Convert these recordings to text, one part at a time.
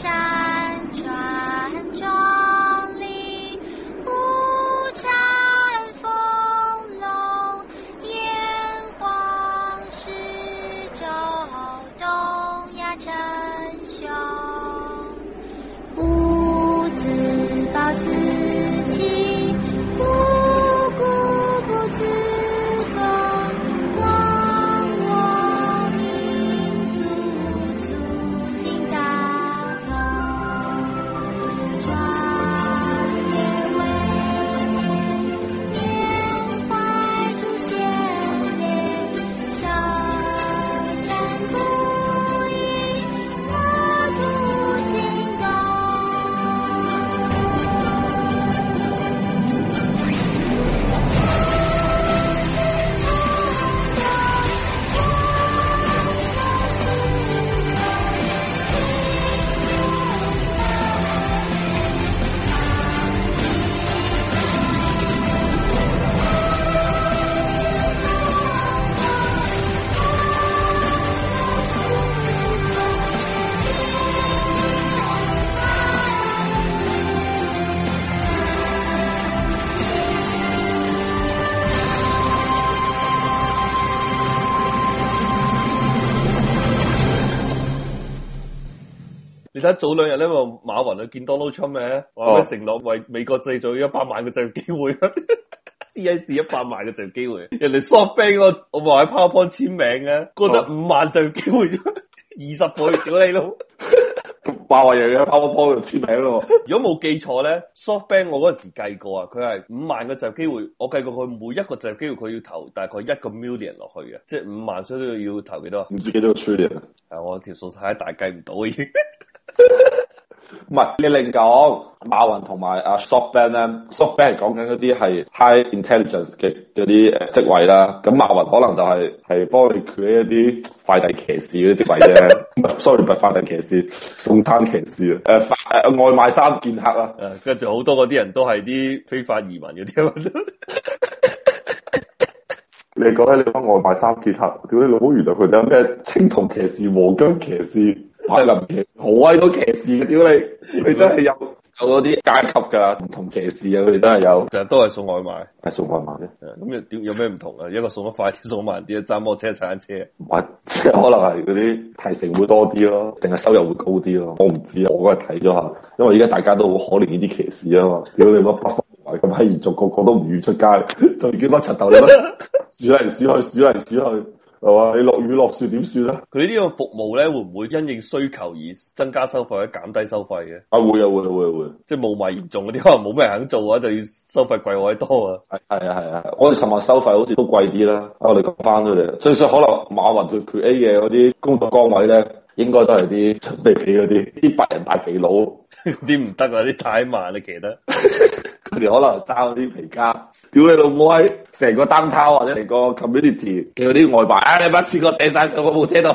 沙。其實早兩日咧，馬雲去見 Donald Trump 咧，佢承諾為美國製造一百萬嘅就業機會、啊、 ，C I C 一百萬嘅就業機會。人哋 softbank 我我話喺 PowerPoint 簽名嘅，過咗五萬就業機會，二十倍屌你咯！華為又、啊、要喺 PowerPoint 簽名咯。 如果冇記錯咧，softbank 我嗰陣時計過啊，佢係五萬嘅就業機會，我計過佢每一個就業機會佢要投大概一個 million 落去嘅，即係五萬，所以要投幾多？啊？唔知幾多個 trillion。係我條數太大計唔到啊，已經。唔係 你另講，馬雲同埋阿 SoftBank 咧 SoftBank 係講緊嗰啲係 High Intelligence 嘅啲誒職位啦。咁馬雲可能就係係幫你 create 一啲快遞騎士嗰啲職位啫。 sorry，快遞騎士，送餐騎士誒誒、呃呃、外賣三劍客啊。誒，跟住好多嗰啲人都係啲非法移民嗰啲。 你講你講外賣三劍客，屌你老母，原來佢哋有咩青銅騎士、黃姜騎士？係林好威多騎士嘅。屌你，你真係有有嗰啲階級噶，唔同騎士啊，佢哋真係有，成日都係送外賣，係送外賣嘅！咁又點有咩唔同啊？ 一個送得快啲，送慢啲，揸摩車踩單車。唔係，即係可能係嗰啲提成會多啲咯，定係收入會高啲咯？我唔知，我嗰日睇咗下，因為而家大家都好可憐呢啲騎士啊嘛，屌你乜北方咁閪嚴重，個個都唔願出街，就仲叫乜柒頭啦，鼠嚟鼠去，鼠嚟鼠去。輸係嘛？你落雨落雪點算咧？佢呢個服務咧，會唔會因應需求而增加收費或者減低收費嘅？啊會啊會啊會啊會！即係霧霾嚴重嗰啲可能冇咩人肯做嘅話，就要收費貴好多啊！係啊係啊，我哋尋日收費好似都貴啲啦。我哋講翻佢哋，最少可能馬雲佢 A 嘅嗰啲工作崗位咧。應該都係啲準備起嗰啲，啲白人白皮佬，啲唔得啊！啲太慢啦，其實佢哋可能揸嗰啲皮卡，屌你老母，成個單套或者成個 community 叫啲外賣，啊你把次個掟曬上我部車度，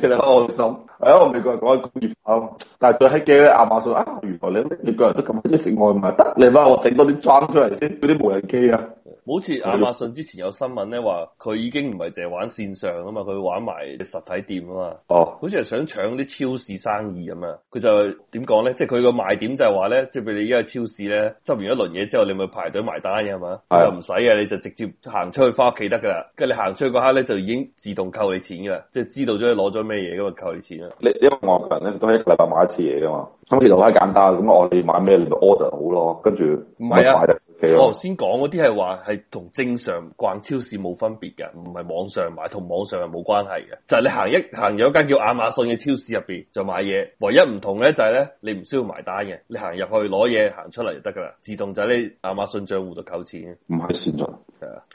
真係好餿餿。我喺我美國講緊工業化，但係再喺機啲亞馬遜啊，原來你你個人都咁中意食外賣，得你唔係我整多啲裝出嚟先，嗰啲無人機啊！好似亞馬遜之前有新聞咧，話佢已經唔係淨係玩綫上啊嘛，佢玩埋實體店啊嘛。哦，好似係想搶啲超市生意咁啊。佢就點講咧？即係佢個賣點就係話咧，即係譬如你而家喺超市咧，執完一輪嘢之後，你咪排隊埋單嘅係嘛？啊、就唔使嘅，你就直接行出去翻屋企得噶啦。跟住你行出去嗰刻咧，就已經自動扣你錢噶啦，即係知道咗你攞咗咩嘢，咁啊扣你錢啊。你因為我一個人咧都係一個禮拜買一次嘢噶嘛，咁其實好簡單。咁我哋買咩，你咪 order 好咯，跟住買快啲。我頭先講嗰啲係話係同正常逛超市冇分別嘅，唔係網上買，同網上係冇關係嘅。就係、是、你行一行入一間叫亞馬遜嘅超市入邊就買嘢，唯一唔同咧就係咧，你唔需要埋單嘅，你行入去攞嘢，行出嚟就得噶啦，自動就喺你亞馬遜賬戶度扣錢，唔係線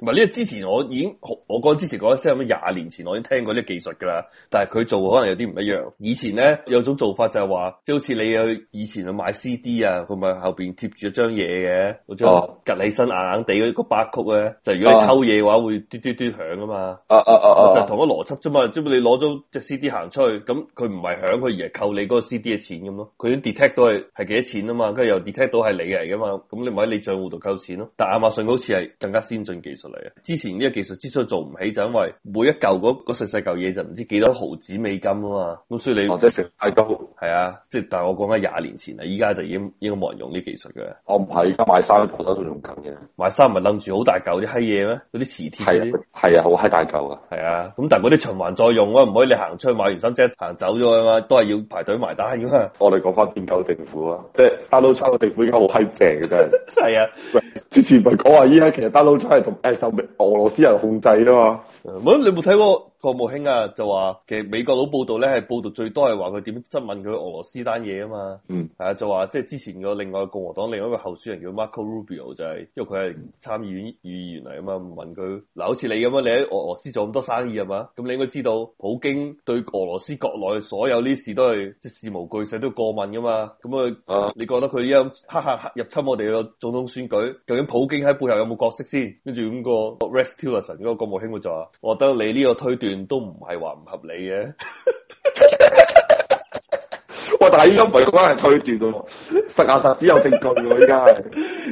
唔係呢個之前我已經我講之前講一聲咁，廿年前我已經聽過啲技術噶啦，但係佢做可能有啲唔一樣。以前咧有種做法就係話，即好似你去以前去買 C D 啊，佢咪後邊貼住一張嘢嘅，嗰張夾起身硬硬地嗰個八曲咧，就是，如果你偷嘢嘅話，啊，會嘟嘟嘟響噶嘛。哦哦哦哦，啊啊啊，就同一個邏輯啫嘛，即係你攞咗隻 C D 行出去，咁佢唔係響佢而係扣你嗰個 C D 嘅錢咁咯。佢已經 detect 到係係幾多錢啊嘛，跟住又 detect 到係你嚟噶嘛，咁你咪喺你賬戶度扣錢咯。但係亞馬遜好似係更加先進。技術嚟啊！之前呢個技術之所以做唔起，就因為每一嚿嗰嗰細細嚿嘢就唔知幾多毫子美金啊嘛，咁所以你或者少太多係啊，即係但係我講緊廿年前啊，依家就已經應該冇人用呢技術嘅。我唔係，而家買衫個手都用緊嘅。買衫唔係掕住好大嚿啲閪嘢咩？嗰啲磁鐵係啊，好閪大嚿啊，係啊。咁但係嗰啲循環再用啊，唔可以你行出去買完衫即刻行走咗啊嘛，都係要排隊埋單。我哋講翻變構政府啊，即係 Donald Trump 個政府應該好閪正嘅真係。係啊，之前唔係講話依家其實 Donald Trump 同亞洲被俄羅斯人控制啊嘛，唔、嗯，你冇睇過。國務卿啊，就話其實美國佬報道咧，係報道最多係話佢點質問佢俄羅斯單嘢啊嘛，嗯，係啊就話即係之前個另外共和黨另外一個候選人叫 Marco Rubio 就係，是因為佢係參議院議員嚟啊嘛，問佢嗱，好似你咁啊，你喺俄俄羅斯做咁多生意係嘛？咁你應該知道普京對俄羅斯國內所有呢事都係即事無巨細都過問噶嘛，咁啊你覺得佢一黑客入侵我哋個總統選舉，究竟普京喺背後有冇角色先？跟住咁個 Rex Tillerson 嗰個國務卿話就啊，我覺得你呢個推斷。都唔係話唔合理嘅，喂， 但係依家唔係講係推斷咯，實阿侄只有證據喎。依家係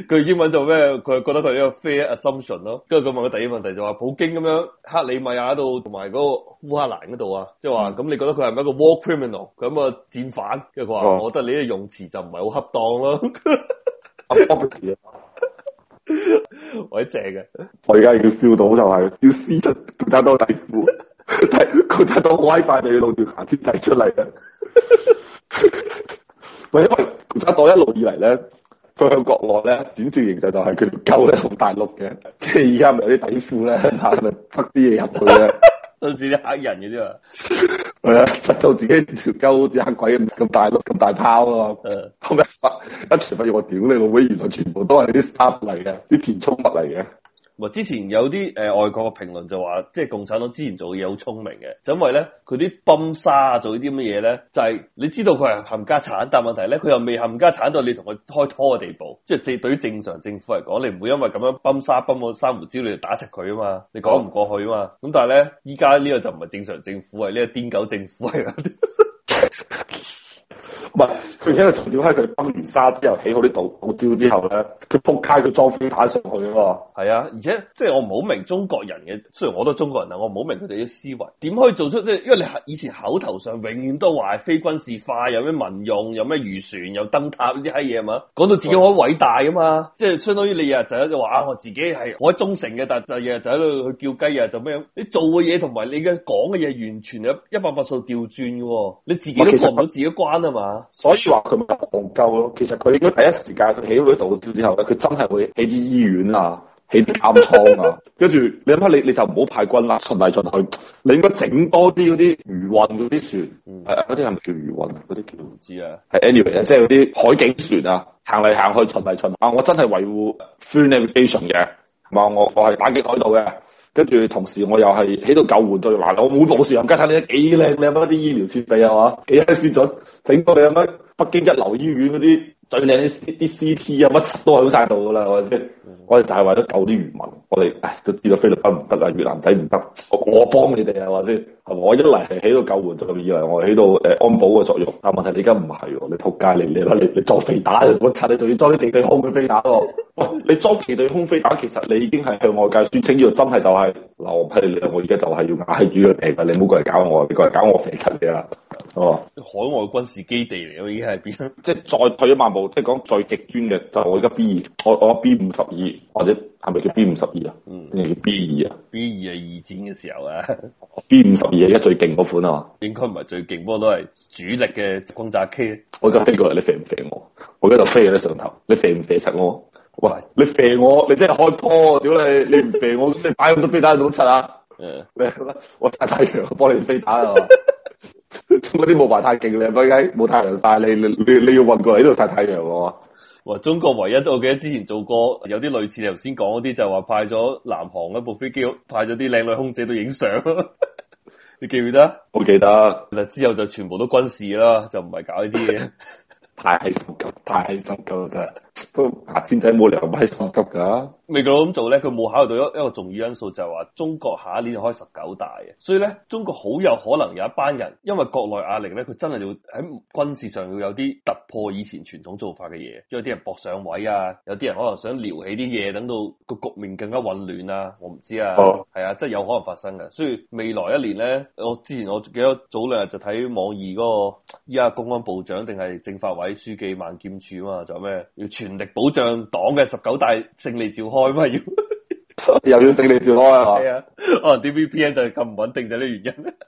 佢英文做咩？佢覺得佢一個 fair assumption 咯。跟住佢問佢第二問題就話：普京咁樣克里米亞喺度，同埋嗰個烏克蘭嗰度啊，即係話咁你覺得佢係咪一個 war criminal？佢係咪戰犯？跟住佢話：我覺得你啲用詞就唔係好恰當咯。 啊我正嘅，我而家要 feel 到就係要撕咗共產黨底褲，但共產黨威塊就要露條行尖仔出嚟。喂， 因為共產黨一路以嚟咧，佢向國內咧展示形象就係佢舊咧好大陸嘅，即係而家咪有啲底褲咧，吓咪塞啲嘢入去咧，到時啲黑人嘅啫。 係到自己條筋好似乞鬼咁咁大碌咁大包啊！後尾一一全部用我屌你老妹，原來全部都係啲沙嚟嘅，啲填充物嚟嘅。嗱，之前有啲誒外國嘅評論就話，即係共產黨之前做嘢好聰明嘅，就因為咧佢啲泵沙做啲乜嘢咧，就係、是、你知道佢係冚家鏟，但問題咧佢又未冚家鏟到你同佢開拖嘅地步，即係對於正常政府嚟講，你唔會因為咁樣泵沙泵到珊瑚礁你就打實佢啊嘛，你講唔過去啊嘛，咁但係咧依家呢個就唔係正常政府，係呢個癲狗政府嚟。 唔係佢，而且佢點喺佢崩完沙之後起好啲島，島嶼之後咧，佢撲街佢裝飛彈上去喎。係啊，而且即係我唔好明中國人嘅，雖然我都係中國人啊，我唔好明佢哋啲思維點可以做出，即係因為你以前口頭上永遠都話係非軍事化，有咩民用，有咩漁船，有燈塔呢啲閪嘢係嘛？講到自己好偉大啊嘛！對即係相當於你日就喺度話啊，我自己係我喺忠誠嘅，但係日就喺度去叫雞啊，做咩？你做嘅嘢同埋你嘅講嘅嘢完全有一百八十度調轉喎、哦，你自己都過唔到自己關啊嘛～所以話佢戇鳩咯，其實佢應該第一時間佢起嗰度之後咧，佢真係會起啲醫院啊，起啲監倉啊，跟住 你諗下，你你就唔好派軍啦，巡嚟巡去，你應該整多啲嗰啲漁運嗰啲船，係嗰啲係咪叫漁運啊？嗰啲叫唔知啊。係 anyway 啊。即係啲海警船啊，行嚟行去巡嚟巡去、啊，我真係維護 free navigation 嘅，同、啊、埋我我係打擊海盜嘅。跟住同時，我又係喺度救援，再難攞冇冇事。阿家產，你幾靚？你有乜啲醫療設備啊？嘛，幾閪先進，整個你有乜北京一流醫院嗰啲？最靚啲 C 啲 CT 啊，乜柒都喺好晒度噶啦，係咪先？我哋、嗯、就係為咗救啲漁民，我哋唉都知道菲律賓唔得啊，越南仔唔得，我幫我幫你哋啊，話先係我一嚟係起到救援作用，二嚟我起到誒安保嘅作用。但係問題你而家唔係，你扑街嚟，你你你裝肥打，我拆你仲要裝你地對空嘅飛打喎。喂，你裝地對、啊、 對空飛打，其實你已經係向外界宣稱，要真係就係流批，你我而家就係要挨住佢哋。噶，你唔好過嚟搞我，你過嚟搞我肥柒你啦。哦、海外軍事基地嚟，我已經係變？即係再退一萬步，即係講最極端嘅就我而家 B 二，我我 B 五十二或者係咪叫 B 五十二啊？嗯，B 二啊，B 二係二戰嘅時候啊 ，B 五十二而家最勁嗰款啊嘛。應該唔係最勁，不過都係主力嘅轟炸機。我而家飛過嚟，你射唔射我？我而家就飛喺你上頭，你射唔射柒我？喂，你射我，你真係開拖、啊，屌你！你唔射我，你擺咁多飛彈都 七啊？嗯，咩？我太太槍，我幫你飛彈啊！啊 嗰啲霧霾太勁啦，點解冇太陽晒？你你你你要運過嚟呢度晒太陽喎。哇！中國唯一都我記得之前做過有啲類似頭先講嗰啲，就係話派咗南航一部飛機，派咗啲靚女空姐都影相。 你記唔記得？我記得。之後就全部都軍事啦，就唔係搞呢啲嘢。太心急，太心急真係。都牙尖仔冇理由糧、啊，買三級噶。美國佬咁做咧，佢冇考慮到一一個重要因素，就係話中國下一年就開十九大嘅。所以咧，中國好有可能有一班人，因為國內壓力咧，佢真係要喺軍事上要有啲突破以前傳統做法嘅嘢。因為啲人搏上位啊，有啲人可能想撩起啲嘢，等到個局面更加混亂啊，我唔知啊。哦，係啊，真係有可能發生嘅。所以未來一年咧，我之前我記得早兩日就睇網易嗰個而家公安部長定係政法委書記孟建柱啊嘛，就咩要全。全力保障黨嘅十九大勝利召開，乜 要 又要勝利召開啊？係啊，可能啲 VPN 就係咁唔穩定就呢個原因。